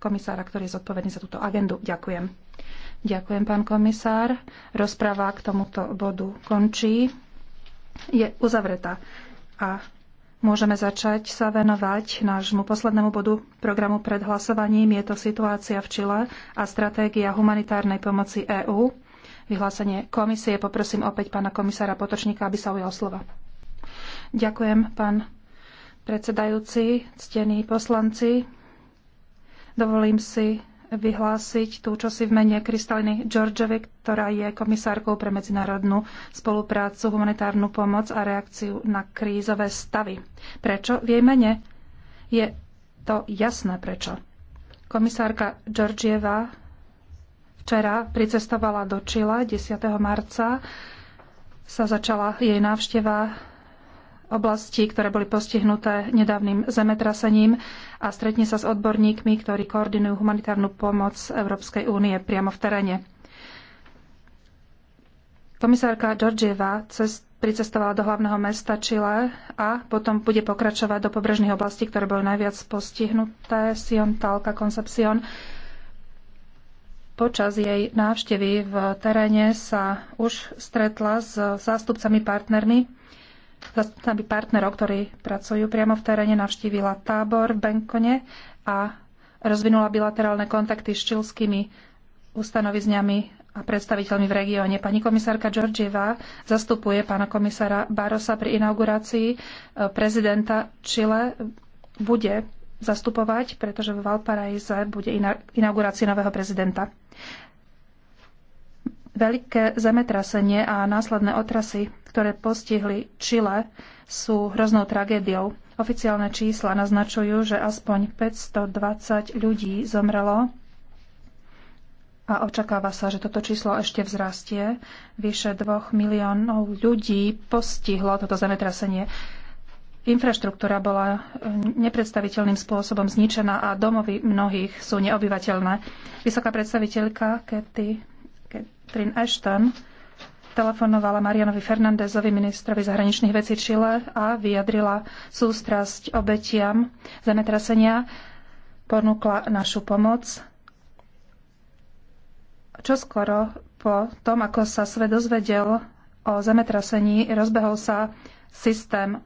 komisára, ktorý je zodpovedný za túto agendu. Ďakujem. Ďakujem, pán komisár. Rozpráva k tomuto bodu končí. Je uzavretá. A môžeme začať sa venovať nášmu poslednému bodu programu pred hlasovaním. Je to situácia v Čile a stratégia humanitárnej pomoci EÚ. Vyhlásenie komisie. Poprosím opäť pána komisára Potočníka, aby sa ujal slova. Ďakujem, pán predsedajúci, ctení poslanci, Dovolím si vyhlásiť tú, čo si v mene Kristaliny Georgeve, ktorá je komisárkou pre medzinárodnú spoluprácu, humanitárnu pomoc a reakciu na krízové stavy. Prečo? V jej mene je to jasné prečo. Komisárka Georgieva včera pricestovala do Čila 10. marca sa začala jej návšteva oblasti, ktoré boli postihnuté nedávnym zemetrasením a stretne sa s odborníkmi, ktorí koordinujú humanitárnu pomoc Európskej únie priamo v teréne. Komisárka Georgieva cest, pricestovala do hlavného mesta Chile a potom bude pokračovať do pobrežných oblastí, ktoré boli najviac postihnuté, Sion, Talca, Concepcion. Počas jej návštevy v teréne sa už stretla s zástupcami partnermi by partnerov, ktorí pracujú priamo v teréne, navštívila tábor v Benkone a rozvinula bilaterálne kontakty s čilskými ustanovizňami a predstaviteľmi v regióne. Pani komisárka Georgieva zastupuje pána komisára Barosa pri inaugurácii e, prezidenta Čile. Bude zastupovať, pretože v Valparaise bude inaugurácia nového prezidenta. Veľké zemetrasenie a následné otrasy ktoré postihli Čile, sú hroznou tragédiou. Oficiálne čísla naznačujú, že aspoň 520 ľudí zomrelo a očakáva sa, že toto číslo ešte vzrastie. Vyše 2 miliónov ľudí postihlo toto zemetrasenie. Infraštruktúra bola eh, nepredstaviteľným spôsobom zničená a domovy mnohých sú neobyvateľné. Vysoká predstaviteľka Cathy Catherine Ashton telefonovala Marianovi Fernandezovi, ministrovi zahraničných vecí Čile a vyjadrila sústrasť obetiam zemetrasenia, ponúkla našu pomoc. Čoskoro po tom, ako sa svet dozvedel o zemetrasení, rozbehol sa systém,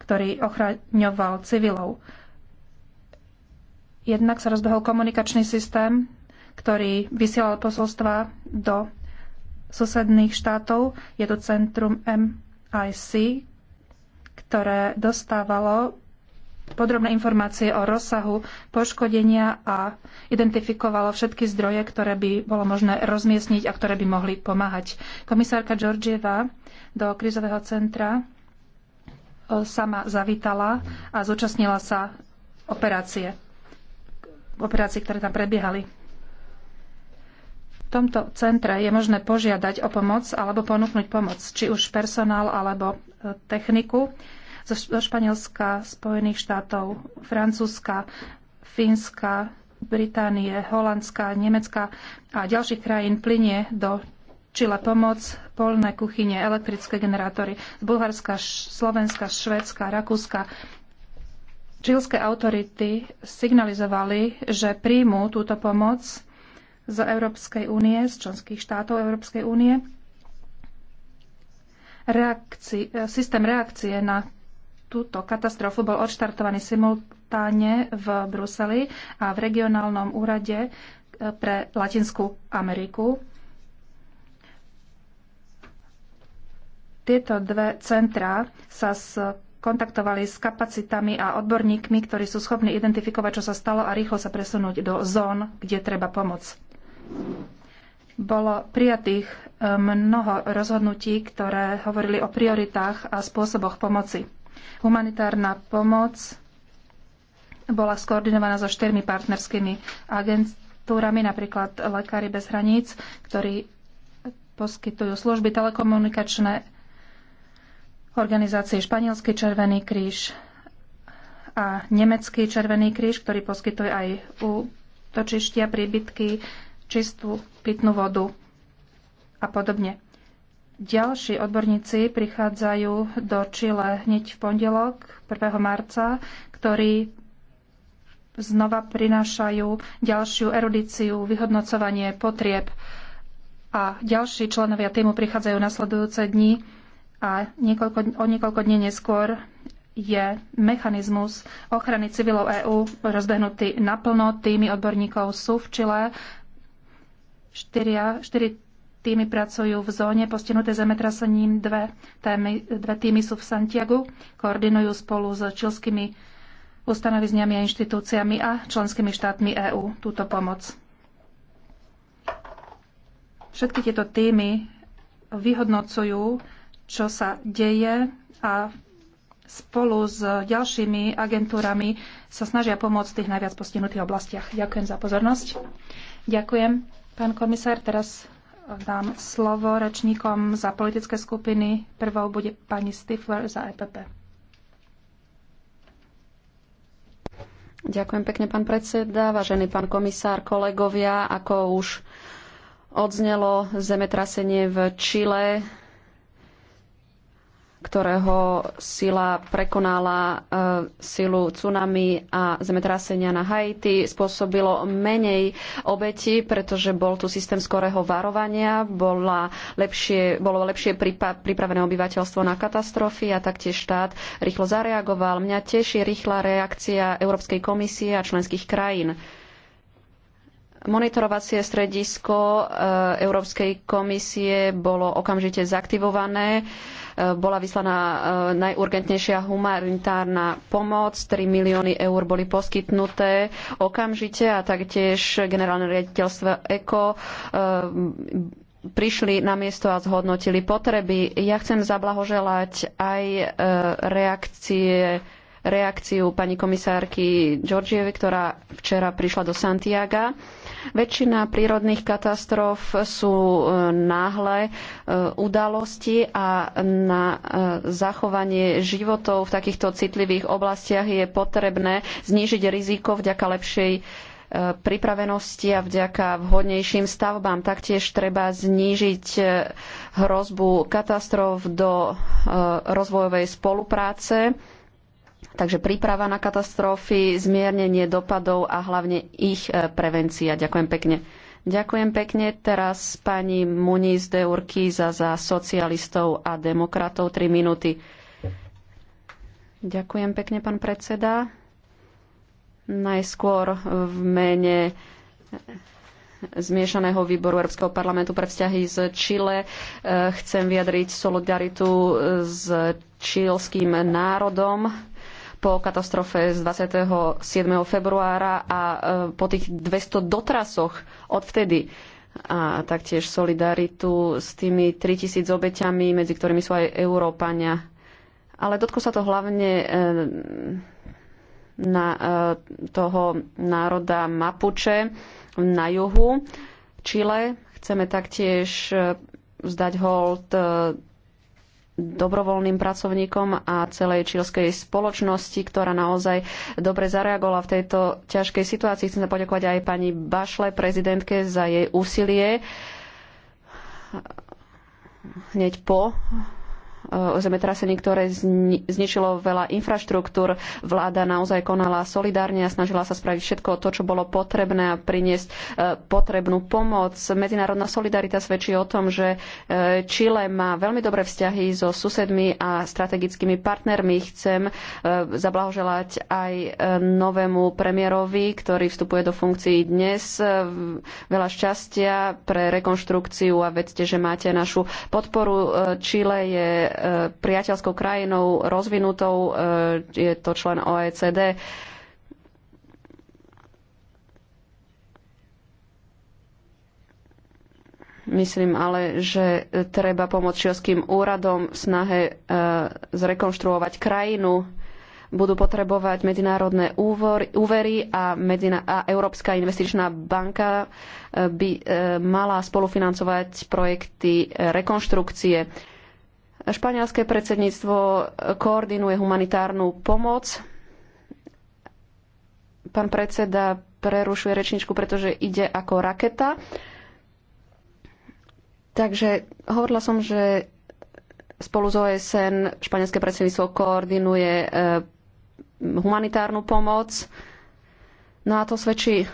ktorý ochraňoval civilov. Jednak sa rozbehol komunikačný systém, ktorý vysielal posolstva do susedných štátov. Je to centrum MIC, ktoré dostávalo podrobné informácie o rozsahu poškodenia a identifikovalo všetky zdroje, ktoré by bolo možné rozmiestniť a ktoré by mohli pomáhať. Komisárka Georgieva do krizového centra e, sama zavítala a zúčastnila sa operácie, operácie, ktoré tam prebiehali tomto centre je možné požiadať o pomoc alebo ponúknuť pomoc, či už personál alebo e, techniku zo Španielska, Spojených štátov, Francúzska, Fínska, Británie, Holandska, Nemecka a ďalších krajín plinie do Čile pomoc, polné kuchyne, elektrické generátory z Bulharska, Slovenska, Švedska, Rakúska. Čilské autority signalizovali, že príjmú túto pomoc z Európskej únie, z členských štátov Európskej únie. Reakci- systém reakcie na túto katastrofu bol odštartovaný simultáne v Bruseli a v regionálnom úrade e, pre Latinskú Ameriku. Tieto dve centrá sa kontaktovali s kapacitami a odborníkmi, ktorí sú schopní identifikovať, čo sa stalo a rýchlo sa presunúť do zón, kde treba pomoc. Bolo prijatých um, mnoho rozhodnutí, ktoré hovorili o prioritách a spôsoboch pomoci. Humanitárna pomoc bola skoordinovaná so štyrmi partnerskými agentúrami, napríklad Lekári bez hraníc, ktorí poskytujú služby telekomunikačné organizácie Španielský červený kríž a Nemecký červený kríž, ktorý poskytuje aj útočištia, príbytky, čistú pitnú vodu a podobne. Ďalší odborníci prichádzajú do Čile hneď v pondelok 1. marca, ktorí znova prinášajú ďalšiu erudíciu, vyhodnocovanie potrieb a ďalší členovia týmu prichádzajú nasledujúce dni a niekoľko, o niekoľko dní neskôr je mechanizmus ochrany civilov EÚ rozbehnutý naplno. Týmy odborníkov sú v Čile Štyria, štyri týmy pracujú v zóne postihnuté zemetrasením. Dve, témy, dve týmy sú v Santiagu, koordinujú spolu s čilskými ustanovizňami a inštitúciami a členskými štátmi EÚ túto pomoc. Všetky tieto týmy vyhodnocujú, čo sa deje a spolu s ďalšími agentúrami sa snažia pomôcť v tých najviac postihnutých oblastiach. Ďakujem za pozornosť. Ďakujem. Pán komisár, teraz dám slovo rečníkom za politické skupiny. Prvou bude pani Stifler za EPP. Ďakujem pekne, pán predseda, vážený pán komisár, kolegovia. Ako už odznelo zemetrasenie v Čile, ktorého sila prekonala e, silu tsunami a zemetrasenia na Haiti, spôsobilo menej obeti, pretože bol tu systém skorého varovania, bola lepšie, bolo lepšie pripravené obyvateľstvo na katastrofy a taktiež štát rýchlo zareagoval. Mňa teší rýchla reakcia Európskej komisie a členských krajín monitorovacie stredisko e, Európskej komisie bolo okamžite zaktivované bola vyslaná e, najurgentnejšia humanitárna pomoc. 3 milióny eur boli poskytnuté okamžite a taktiež generálne riaditeľstvo ECO e, prišli na miesto a zhodnotili potreby. Ja chcem zablahoželať aj e, reakcie reakciu pani komisárky Georgievy, ktorá včera prišla do Santiaga Väčšina prírodných katastrof sú e, náhle e, udalosti a na e, zachovanie životov v takýchto citlivých oblastiach je potrebné znížiť riziko vďaka lepšej pripravenosti a vďaka vhodnejším stavbám. Taktiež treba znížiť hrozbu katastrof do rozvojovej spolupráce Takže príprava na katastrofy, zmiernenie dopadov a hlavne ich e, prevencia. Ďakujem pekne. Ďakujem pekne. Teraz pani Muniz de Urkiza za socialistov a demokratov 3 minúty. Ďakujem pekne, pán predseda. Najskôr v mene zmiešaného výboru Európskeho parlamentu pre vzťahy z Čile. E, chcem vyjadriť solidaritu s čílským národom po katastrofe z 27. februára a e, po tých 200 dotrasoch odvtedy a taktiež solidaritu s tými 3000 obeťami, medzi ktorými sú aj Európania. Ale dotko sa to hlavne e, na e, toho národa Mapuche na juhu Čile. Chceme taktiež vzdať hold dobrovoľným pracovníkom a celej čilskej spoločnosti, ktorá naozaj dobre zareagovala v tejto ťažkej situácii. Chcem sa poďakovať aj pani Bašle, prezidentke, za jej úsilie hneď po Eh, zemetrasení, ktoré zničilo veľa infraštruktúr. Vláda naozaj konala solidárne a snažila sa spraviť všetko to, čo bolo potrebné a priniesť eh, potrebnú pomoc. Medzinárodná solidarita svedčí o tom, že eh, Čile má veľmi dobré vzťahy so susedmi a strategickými partnermi. Chcem zablahoželať aj novému premiérovi, ktorý vstupuje do funkcií dnes. Veľa šťastia pre rekonštrukciu a vedzte, že máte našu podporu. Čile je E, priateľskou krajinou, rozvinutou, e, je to člen OECD. Myslím ale, že treba pomôcť čilským úradom v snahe e, zrekonštruovať krajinu. Budú potrebovať medzinárodné úvery a, medina- a Európska investičná banka by mala spolufinancovať projekty rekonštrukcie. Španielské predsedníctvo koordinuje humanitárnu pomoc. Pán predseda prerušuje rečničku, pretože ide ako raketa. Takže hovorila som, že spolu s OSN španielské predsedníctvo koordinuje eh, humanitárnu pomoc. No a to svedčí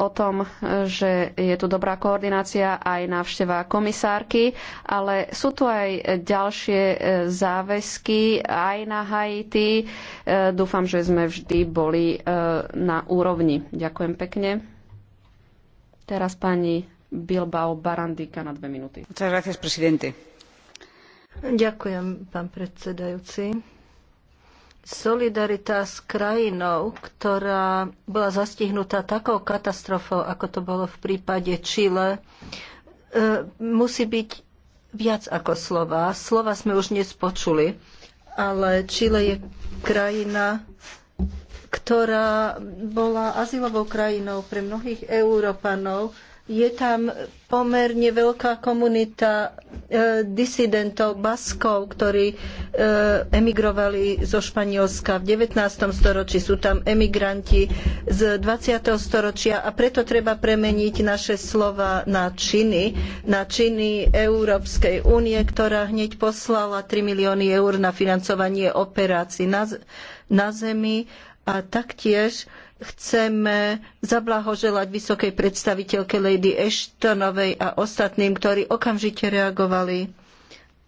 o tom, že je tu dobrá koordinácia aj návšteva komisárky, ale sú tu aj ďalšie e, záväzky aj na Haiti. E, dúfam, že sme vždy boli e, na úrovni. Ďakujem pekne. Teraz pani Bilbao Barandika na dve minúty. Ďakujem, pán predsedajúci solidarita s krajinou, ktorá bola zastihnutá takou katastrofou, ako to bolo v prípade Čile, e, musí byť viac ako slova. Slova sme už dnes počuli, ale Čile je krajina, ktorá bola azylovou krajinou pre mnohých Európanov, je tam pomerne veľká komunita e, disidentov, baskov, ktorí e, emigrovali zo Španielska v 19. storočí. Sú tam emigranti z 20. storočia a preto treba premeniť naše slova na činy. Na činy Európskej únie, ktorá hneď poslala 3 milióny eur na financovanie operácií na, na zemi a taktiež Chcem zablahoželať vysokej predstaviteľke Lady Ashtonovej a ostatným, ktorí okamžite reagovali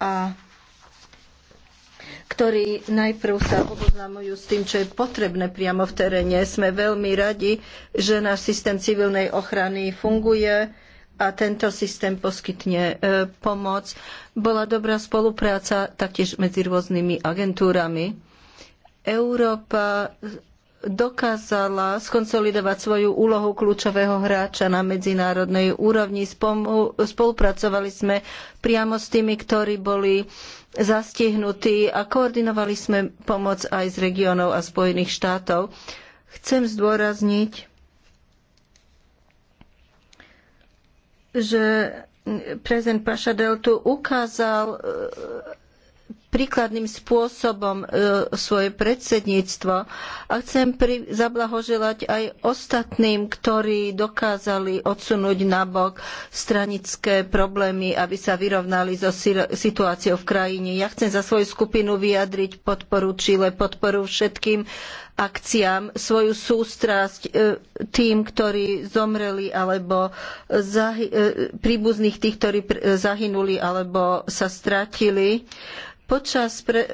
a ktorí najprv sa oboznamujú s tým, čo je potrebné priamo v teréne. Sme veľmi radi, že náš systém civilnej ochrany funguje a tento systém poskytne e, pomoc. Bola dobrá spolupráca taktiež medzi rôznymi agentúrami. Európa dokázala skonsolidovať svoju úlohu kľúčového hráča na medzinárodnej úrovni. Spolupracovali sme priamo s tými, ktorí boli zastihnutí a koordinovali sme pomoc aj z regiónov a Spojených štátov. Chcem zdôrazniť, že prezident Pašadel tu ukázal príkladným spôsobom e, svoje predsedníctvo a chcem zablahoželať aj ostatným, ktorí dokázali odsunúť nabok stranické problémy, aby sa vyrovnali so situáciou v krajine. Ja chcem za svoju skupinu vyjadriť podporu Čile, podporu všetkým akciám, svoju sústrasť e, tým, ktorí zomreli alebo e, príbuzných tých, ktorí zahynuli alebo sa stratili Počas pre, e,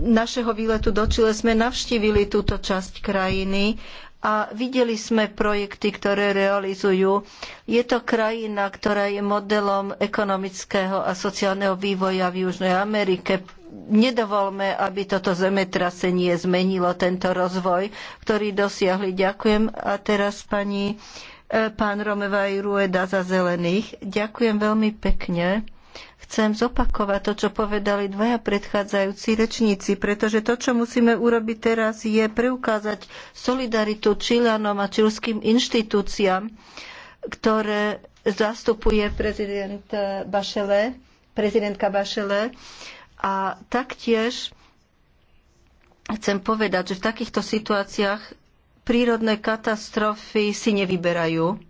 našeho výletu do Čile sme navštívili túto časť krajiny a videli sme projekty, ktoré realizujú. Je to krajina, ktorá je modelom ekonomického a sociálneho vývoja v Južnej Amerike. Nedovolme, aby toto zemetrasenie zmenilo tento rozvoj, ktorý dosiahli. Ďakujem. A teraz pani, e, pán Romeva Rueda za zelených. Ďakujem veľmi pekne. Chcem zopakovať to, čo povedali dvaja predchádzajúci rečníci, pretože to, čo musíme urobiť teraz, je preukázať solidaritu Čilianom a čilským inštitúciám, ktoré zastupuje prezident Bašele, prezidentka Bašele. A taktiež chcem povedať, že v takýchto situáciách prírodné katastrofy si nevyberajú.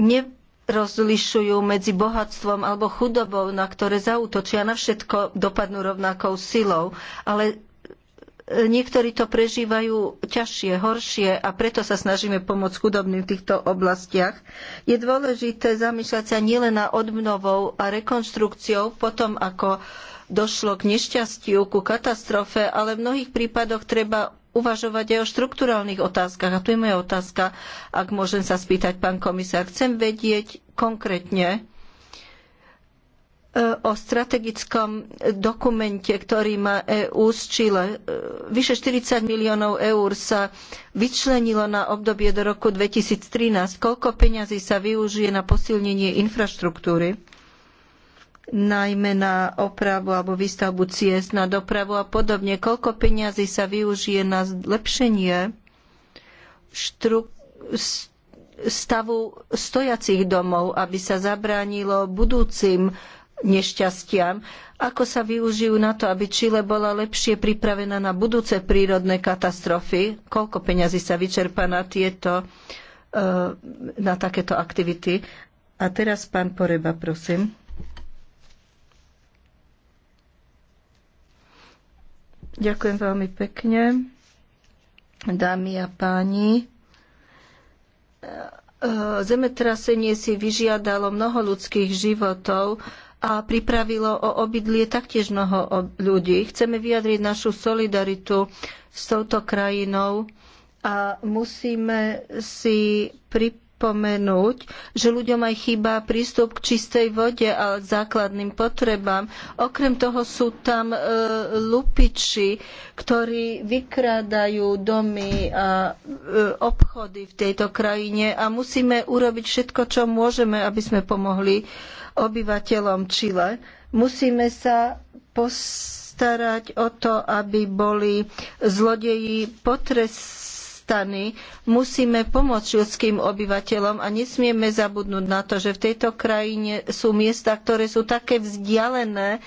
Ne, rozlišujú medzi bohatstvom alebo chudobou, na ktoré zautočia, na všetko dopadnú rovnakou silou. Ale niektorí to prežívajú ťažšie, horšie a preto sa snažíme pomôcť chudobným v týchto oblastiach. Je dôležité zamýšľať sa nielen na odmnovou a rekonstrukciou potom, ako došlo k nešťastiu, ku katastrofe, ale v mnohých prípadoch treba uvažovať aj o štrukturálnych otázkach. A tu je moja otázka, ak môžem sa spýtať, pán komisár. Chcem vedieť konkrétne e, o strategickom dokumente, ktorý má EÚ z Čile. E, vyše 40 miliónov eur sa vyčlenilo na obdobie do roku 2013. Koľko peňazí sa využije na posilnenie infraštruktúry? najmä na opravu alebo výstavbu ciest, na dopravu a podobne. Koľko peňazí sa využije na zlepšenie štru- stavu stojacich domov, aby sa zabránilo budúcim nešťastiam, ako sa využijú na to, aby Čile bola lepšie pripravená na budúce prírodné katastrofy, koľko peňazí sa vyčerpa na tieto, eh, na takéto aktivity. A teraz pán Poreba, prosím. Ďakujem veľmi pekne. Dámy a páni, eh, zemetrasenie si vyžiadalo mnoho ľudských životov a pripravilo o obydlie taktiež mnoho ľudí. Chceme vyjadriť našu solidaritu s touto krajinou a musíme si pripraviť pripomenúť, že ľuďom aj chýba prístup k čistej vode a k základným potrebám. Okrem toho sú tam e, lupiči, ktorí vykrádajú domy a e, obchody v tejto krajine a musíme urobiť všetko, čo môžeme, aby sme pomohli obyvateľom Čile. Musíme sa postarať o to, aby boli zlodeji potres trestaní. Musíme pomôcť ľudským obyvateľom a nesmieme zabudnúť na to, že v tejto krajine sú miesta, ktoré sú také vzdialené,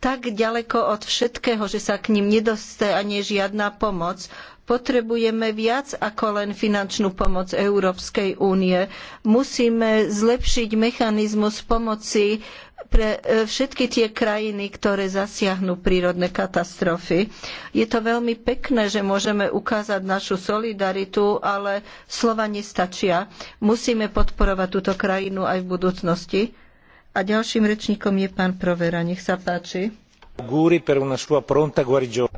tak ďaleko od všetkého, že sa k ním nedostane žiadna pomoc. Potrebujeme viac ako len finančnú pomoc Európskej únie. Musíme zlepšiť mechanizmus pomoci pre e, všetky tie krajiny, ktoré zasiahnu prírodné katastrofy. Je to veľmi pekné, že môžeme ukázať našu solidaritu, ale slova nestačia. Musíme podporovať túto krajinu aj v budúcnosti. A ďalším rečníkom je pán Provera. Nech sa páči.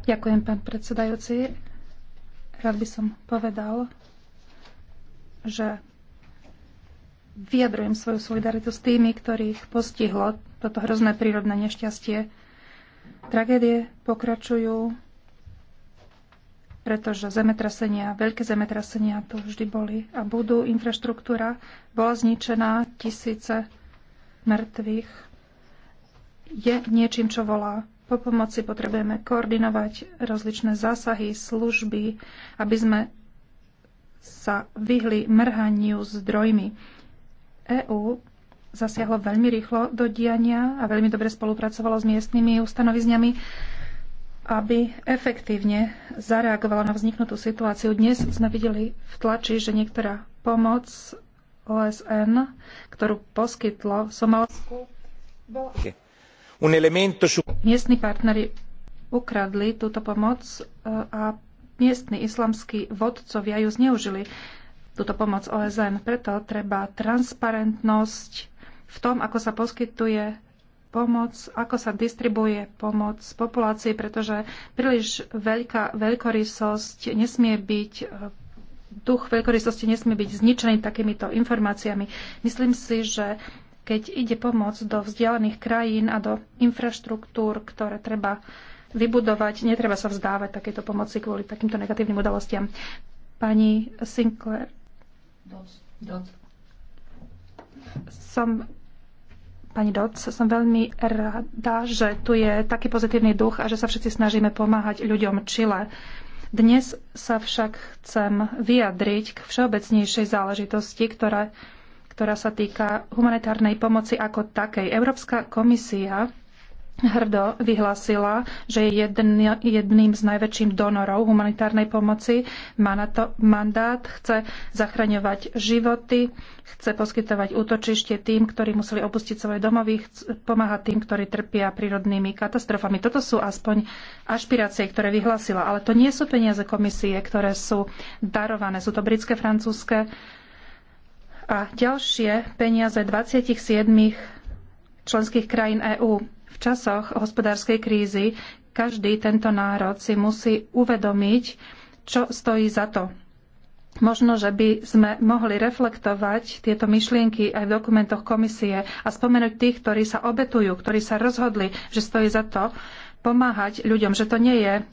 Ďakujem, pán predsedajúci. Rád by som povedal, že vyjadrujem svoju solidaritu s tými, ktorých postihlo toto hrozné prírodné nešťastie. Tragédie pokračujú, pretože zemetrasenia, veľké zemetrasenia to vždy boli a budú. Infraštruktúra bola zničená, tisíce mŕtvych. Je niečím, čo volá. Po pomoci potrebujeme koordinovať rozličné zásahy, služby, aby sme sa vyhli mrhaniu zdrojmi. EÚ zasiahlo veľmi rýchlo do diania a veľmi dobre spolupracovalo s miestnymi ustanovizňami, aby efektívne zareagovala na vzniknutú situáciu. Dnes sme videli v tlači, že niektorá pomoc OSN, ktorú poskytlo Somalsku, bola... Miestni partnery ukradli túto pomoc e, a miestni islamskí vodcovia ju zneužili túto pomoc OSN. Preto treba transparentnosť v tom, ako sa poskytuje pomoc, ako sa distribuje pomoc populácii, pretože príliš veľká veľkorysosť nesmie byť e, duch veľkorysosti nesmie byť zničený takýmito informáciami. Myslím si, že keď ide pomoc do vzdialených krajín a do infraštruktúr, ktoré treba vybudovať, netreba sa vzdávať takéto pomoci kvôli takýmto negatívnym udalostiam. Pani Sinclair som Pani Doc, som veľmi rada, že tu je taký pozitívny duch a že sa všetci snažíme pomáhať ľuďom Čile. Dnes sa však chcem vyjadriť k všeobecnejšej záležitosti, ktorá, ktorá sa týka humanitárnej pomoci ako takej. Európska komisia hrdo vyhlásila, že je jedným z najväčším donorov humanitárnej pomoci, má na to mandát, chce zachraňovať životy, chce poskytovať útočište tým, ktorí museli opustiť svoje domovy, pomáha tým, ktorí trpia prírodnými katastrofami. Toto sú aspoň ašpirácie, ktoré vyhlásila, ale to nie sú peniaze komisie, ktoré sú darované. Sú to britské, francúzske a ďalšie peniaze 27 členských krajín EÚ časoch hospodárskej krízy každý tento národ si musí uvedomiť, čo stojí za to. Možno, že by sme mohli reflektovať tieto myšlienky aj v dokumentoch komisie a spomenúť tých, ktorí sa obetujú, ktorí sa rozhodli, že stojí za to pomáhať ľuďom, že to nie je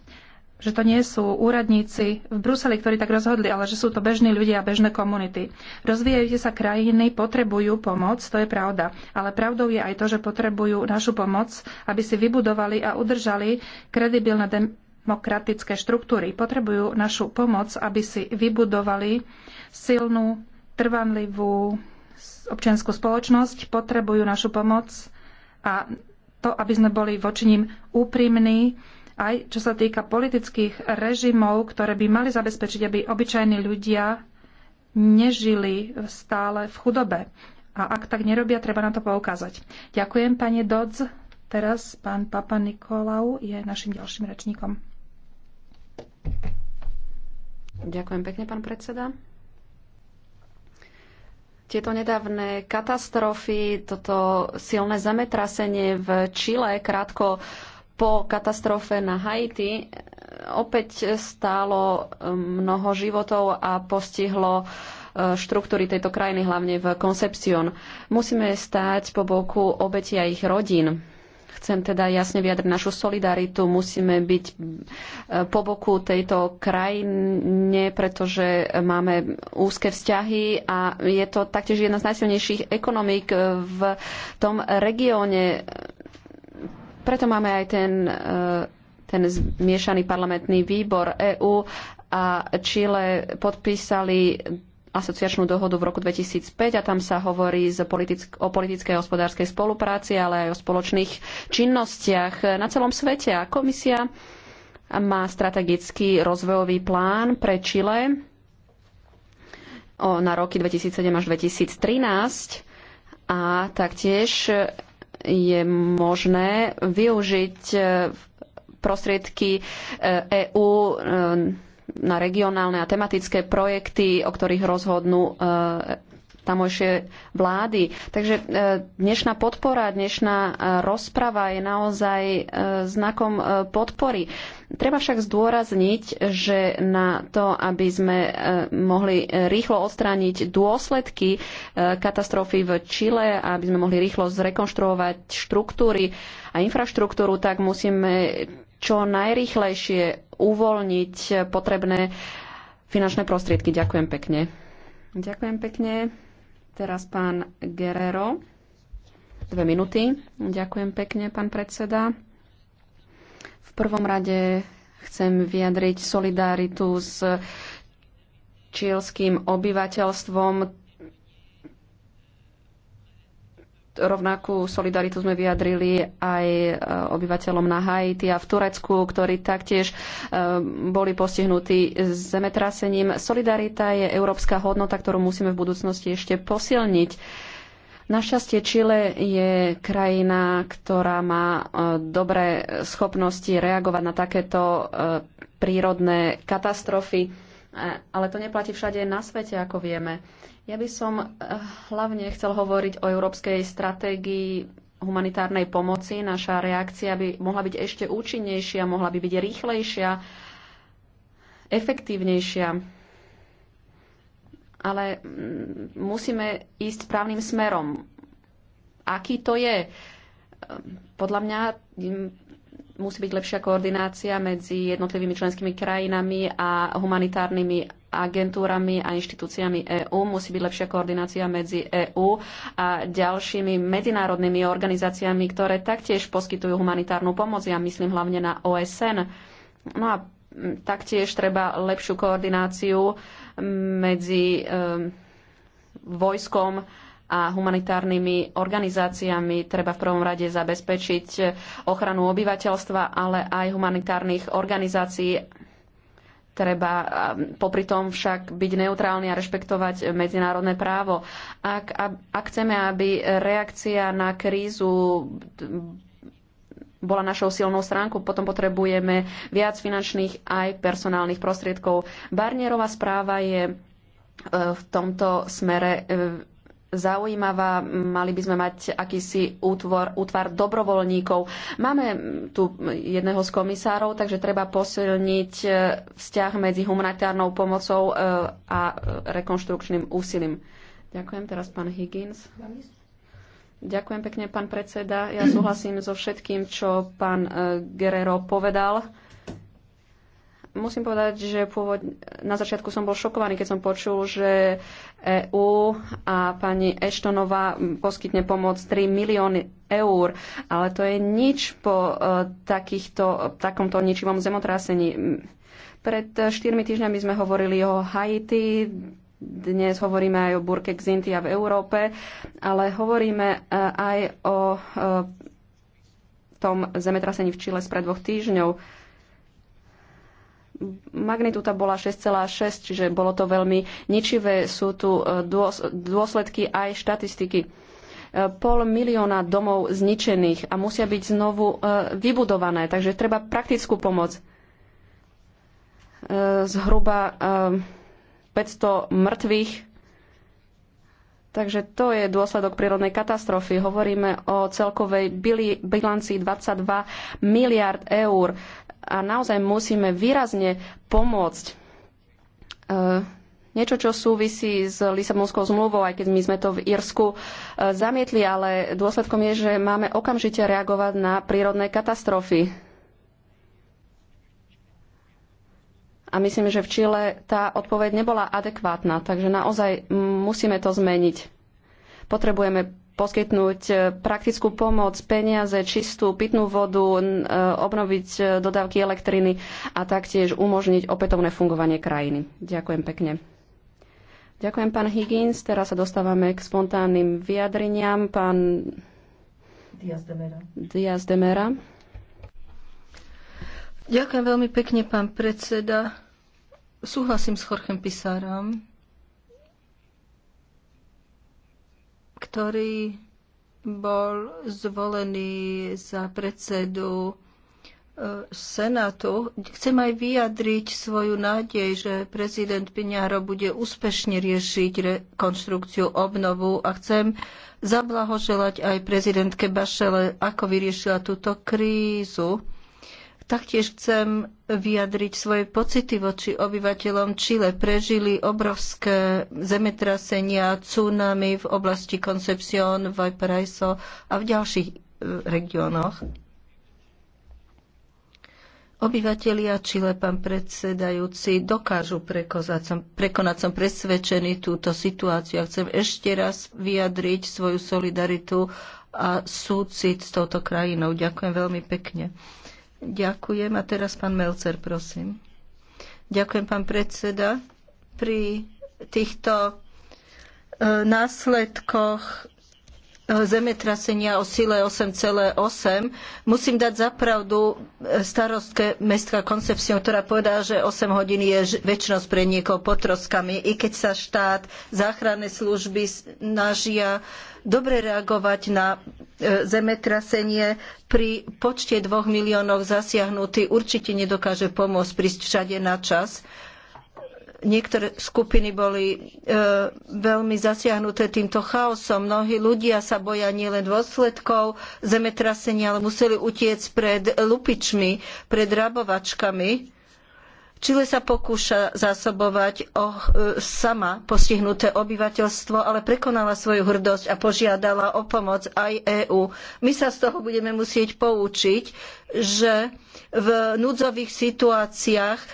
že to nie sú úradníci v Bruseli, ktorí tak rozhodli, ale že sú to bežní ľudia a bežné komunity. Rozvíjajúce sa krajiny potrebujú pomoc, to je pravda. Ale pravdou je aj to, že potrebujú našu pomoc, aby si vybudovali a udržali kredibilné demokratické štruktúry. Potrebujú našu pomoc, aby si vybudovali silnú, trvanlivú občianskú spoločnosť. Potrebujú našu pomoc a to, aby sme boli voči ním úprimní, aj čo sa týka politických režimov, ktoré by mali zabezpečiť, aby obyčajní ľudia nežili stále v chudobe. A ak tak nerobia, treba na to poukázať. Ďakujem, pani Dodz. Teraz pán Papa Nikolau je našim ďalším rečníkom. Ďakujem pekne, pán predseda. Tieto nedávne katastrofy, toto silné zemetrasenie v Čile krátko uh, po katastrofe na Haiti e, opäť stálo e, mnoho životov a postihlo e, štruktúry tejto krajiny, hlavne v Concepcion. Musíme stáť po boku obeti a ich rodín. Chcem teda jasne vyjadriť našu solidaritu. Musíme byť po boku tejto krajine, pretože máme úzke vzťahy a je to taktiež jedna z najsilnejších ekonomík v tom regióne preto máme aj ten, e, ten zmiešaný parlamentný výbor EÚ a Čile podpísali asociačnú dohodu v roku 2005 a tam sa hovorí politick- o politickej a hospodárskej spolupráci, ale aj o spoločných činnostiach na celom svete. A komisia má strategický rozvojový plán pre Čile na roky 2007 až 2013 a taktiež je možné využiť e, prostriedky EÚ e e, na regionálne a tematické projekty, o ktorých rozhodnú tamojšie vlády. Takže e, dnešná podpora, dnešná e, rozprava je naozaj e, znakom podpory. Treba však zdôrazniť, že na to, aby sme mohli rýchlo odstrániť dôsledky katastrofy v Čile aby sme mohli rýchlo zrekonštruovať štruktúry a infraštruktúru, tak musíme čo najrýchlejšie uvoľniť potrebné finančné prostriedky. Ďakujem pekne. Ďakujem pekne. Teraz pán Guerrero. Dve minúty. Ďakujem pekne, pán predseda. V prvom rade chcem vyjadriť solidaritu s čielským obyvateľstvom, Rovnakú solidaritu sme vyjadrili aj e, obyvateľom na Haiti a v Turecku, ktorí taktiež e, boli postihnutí zemetrasením. Solidarita je európska hodnota, ktorú musíme v budúcnosti ešte posilniť. Našťastie Čile je krajina, ktorá má e, dobré schopnosti reagovať na takéto prírodné katastrofy, ale to neplatí všade na svete, ako vieme. Ja by som eh, hlavne chcel hovoriť o európskej stratégii humanitárnej pomoci. Naša reakcia by mohla byť ešte účinnejšia, mohla by byť rýchlejšia, efektívnejšia. Ale mm, musíme ísť správnym smerom. Aký to je? Podľa mňa mm, musí byť lepšia koordinácia medzi jednotlivými členskými krajinami a humanitárnymi agentúrami a inštitúciami EÚ. Musí byť lepšia koordinácia medzi EÚ a ďalšími medzinárodnými organizáciami, ktoré taktiež poskytujú humanitárnu pomoc. Ja myslím hlavne na OSN. No a taktiež treba lepšiu koordináciu medzi vojskom a humanitárnymi organizáciami treba v prvom rade zabezpečiť ochranu obyvateľstva, ale aj humanitárnych organizácií Treba popri tom však byť neutrálny a rešpektovať medzinárodné právo. Ak, ak chceme, aby reakcia na krízu bola našou silnou stránkou, potom potrebujeme viac finančných aj personálnych prostriedkov. Barnierová správa je e, v tomto smere e, zaujímavá. Mali by sme mať akýsi útvor, útvar dobrovoľníkov. Máme tu jedného z komisárov, takže treba posilniť e, vzťah medzi humanitárnou pomocou e, a rekonštrukčným úsilím. Ďakujem teraz pán Higgins. Ďakujem pekne, pán predseda. Ja súhlasím so všetkým, čo pán e, Guerrero povedal musím povedať, že pôvod, na začiatku som bol šokovaný, keď som počul, že EU a pani Eštonová poskytne pomoc 3 milióny eur, ale to je nič po e, takýchto, takomto ničivom zemotrasení. Pred 4 e, týždňami sme hovorili o Haiti, dnes hovoríme aj o Burke Xintia v Európe, ale hovoríme e, aj o tom zemetrasení v Čile spred dvoch týždňov Magnitúta bola 6,6, čiže bolo to veľmi ničivé. Sú tu e, dôsledky aj štatistiky. E, pol milióna domov zničených a musia byť znovu e, vybudované, takže treba praktickú pomoc. Zhruba 500 mŕtvych. Takže to je dôsledok prírodnej katastrofy. Hovoríme o celkovej bilanci 22 miliard eur a naozaj musíme výrazne pomôcť. E, niečo, čo súvisí s Lisabonskou zmluvou, aj keď my sme to v Írsku e, zamietli, ale dôsledkom je, že máme okamžite reagovať na prírodné katastrofy. A myslím, že v Čile tá odpoveď nebola adekvátna, takže naozaj musíme to zmeniť. Potrebujeme poskytnúť e, praktickú pomoc, peniaze, čistú pitnú vodu, e, obnoviť e, dodávky elektriny a taktiež umožniť opätovné fungovanie krajiny. Ďakujem pekne. Ďakujem, pán Higgins. Teraz sa dostávame k spontánnym vyjadreniam. Pán Diaz de Mera. Diaz de Mera. Ďakujem veľmi pekne, pán predseda. Súhlasím s Chorchem Pisárom ktorý bol zvolený za predsedu e, Senátu. Chcem aj vyjadriť svoju nádej, že prezident Piňáro bude úspešne riešiť rekonstrukciu obnovu a chcem zablahoželať aj prezidentke Bašele, ako vyriešila túto krízu. Taktiež chcem vyjadriť svoje pocity voči obyvateľom Čile. Prežili obrovské zemetrasenia, tsunami v oblasti Concepcion, Valparaiso a v ďalších e, regiónoch. Obyvatelia Čile, pán predsedajúci, dokážu prekozať som, prekonať, som presvedčený túto situáciu a chcem ešte raz vyjadriť svoju solidaritu a súcit s touto krajinou. Ďakujem veľmi pekne. Ďakujem. A teraz pán Melcer, prosím. Ďakujem, pán predseda. Pri týchto e, následkoch e, zemetrasenia o sile 8,8 musím dať zapravdu e, starostke mestská koncepciou, ktorá povedala, že 8 hodín je väčšnosť pre niekoho potroskami, i keď sa štát, záchranné služby snažia dobre reagovať na E, zemetrasenie pri počte dvoch miliónov zasiahnutých určite nedokáže pomôcť prísť všade na čas. Niektoré skupiny boli e, veľmi zasiahnuté týmto chaosom. Mnohí ľudia sa boja nielen dôsledkov zemetrasenia, ale museli utiecť pred lupičmi, pred rabovačkami Čile sa pokúša zásobovať oh, e, sama postihnuté obyvateľstvo, ale prekonala svoju hrdosť a požiadala o pomoc aj EÚ. My sa z toho budeme musieť poučiť, že v núdzových situáciách e,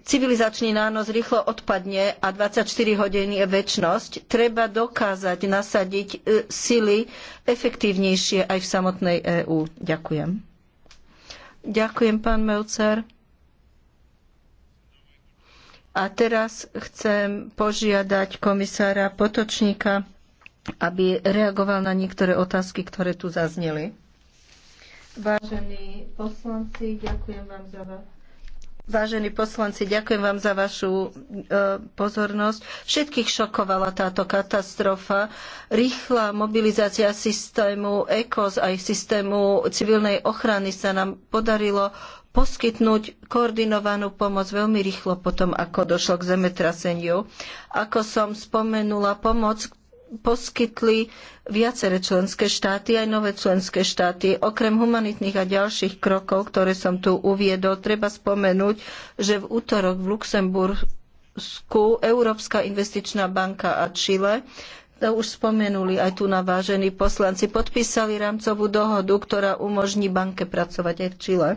civilizačný nános rýchlo odpadne a 24 hodín je väčnosť. Treba dokázať nasadiť e, sily efektívnejšie aj v samotnej EÚ. Ďakujem. Ďakujem, pán Melcer. A teraz chcem požiadať komisára Potočníka, aby reagoval na niektoré otázky, ktoré tu zazneli. Vážení poslanci, ďakujem vám za vás. Vážení poslanci, ďakujem vám za vašu e, pozornosť. Všetkých šokovala táto katastrofa. Rýchla mobilizácia systému ECOS aj systému civilnej ochrany sa nám podarilo poskytnúť koordinovanú pomoc veľmi rýchlo potom, ako došlo k zemetraseniu. Ako som spomenula, pomoc poskytli viaceré členské štáty, aj nové členské štáty. Okrem humanitných a ďalších krokov, ktoré som tu uviedol, treba spomenúť, že v útorok v Luxembursku Európska investičná banka a Čile to už spomenuli aj tu na vážení poslanci, podpísali rámcovú dohodu, ktorá umožní banke pracovať aj v Čile.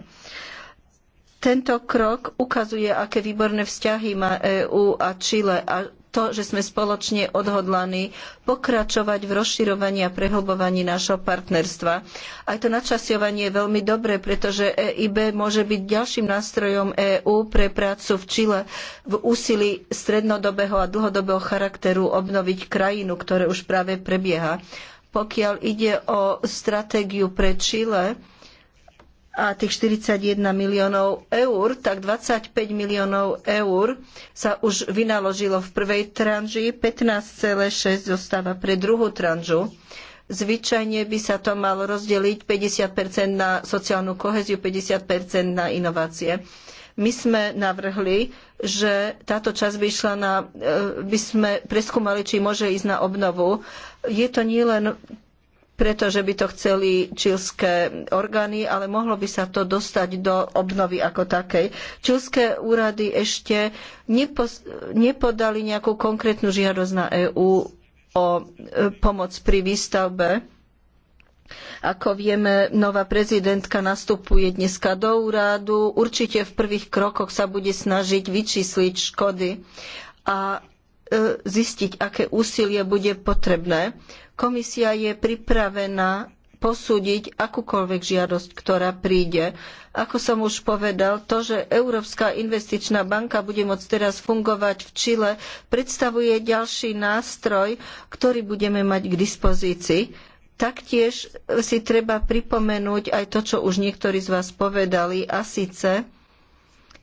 Tento krok ukazuje, aké výborné vzťahy má EÚ a Čile a to, že sme spoločne odhodlaní pokračovať v rozširovaní a prehlbovaní nášho partnerstva. Aj to načasovanie je veľmi dobré, pretože EIB môže byť ďalším nástrojom EÚ pre prácu v Čile v úsilí strednodobého a dlhodobého charakteru obnoviť krajinu, ktoré už práve prebieha. Pokiaľ ide o stratégiu pre Čile, a tých 41 miliónov eur, tak 25 miliónov eur sa už vynaložilo v prvej tranži, 15,6 zostáva pre druhú tranžu. Zvyčajne by sa to malo rozdeliť 50% na sociálnu koheziu, 50% na inovácie. My sme navrhli, že táto časť by išla na, e, by sme preskúmali, či môže ísť na obnovu. Je to nielen pretože by to chceli čilské orgány, ale mohlo by sa to dostať do obnovy ako takej. Čilské úrady ešte nepodali nejakú konkrétnu žiadosť na EÚ o e, pomoc pri výstavbe ako vieme, nová prezidentka nastupuje dneska do úradu. Určite v prvých krokoch sa bude snažiť vyčísliť škody. A zistiť, aké úsilie bude potrebné. Komisia je pripravená posúdiť akúkoľvek žiadosť, ktorá príde. Ako som už povedal, to, že Európska investičná banka bude môcť teraz fungovať v Čile, predstavuje ďalší nástroj, ktorý budeme mať k dispozícii. Taktiež si treba pripomenúť aj to, čo už niektorí z vás povedali, a síce,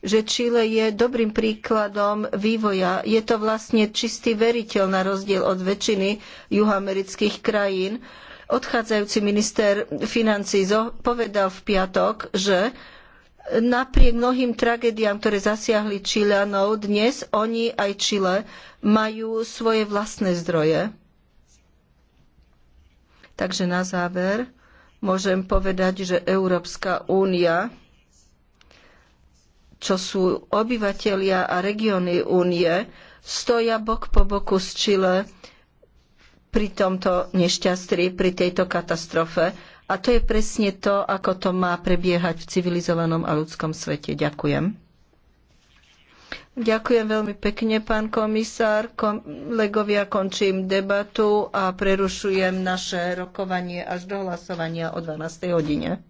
že Čile je dobrým príkladom vývoja. Je to vlastne čistý veriteľ na rozdiel od väčšiny juhoamerických krajín. Odchádzajúci minister financí povedal v piatok, že napriek mnohým tragédiám, ktoré zasiahli Čileanov, dnes oni aj Čile majú svoje vlastné zdroje. Takže na záver môžem povedať, že Európska únia čo sú obyvatelia a regióny únie, stoja bok po boku s Čile pri tomto nešťastí, pri tejto katastrofe. A to je presne to, ako to má prebiehať v civilizovanom a ľudskom svete. Ďakujem. Ďakujem veľmi pekne, pán komisár. Kolegovia, končím debatu a prerušujem naše rokovanie až do hlasovania o 12. hodine.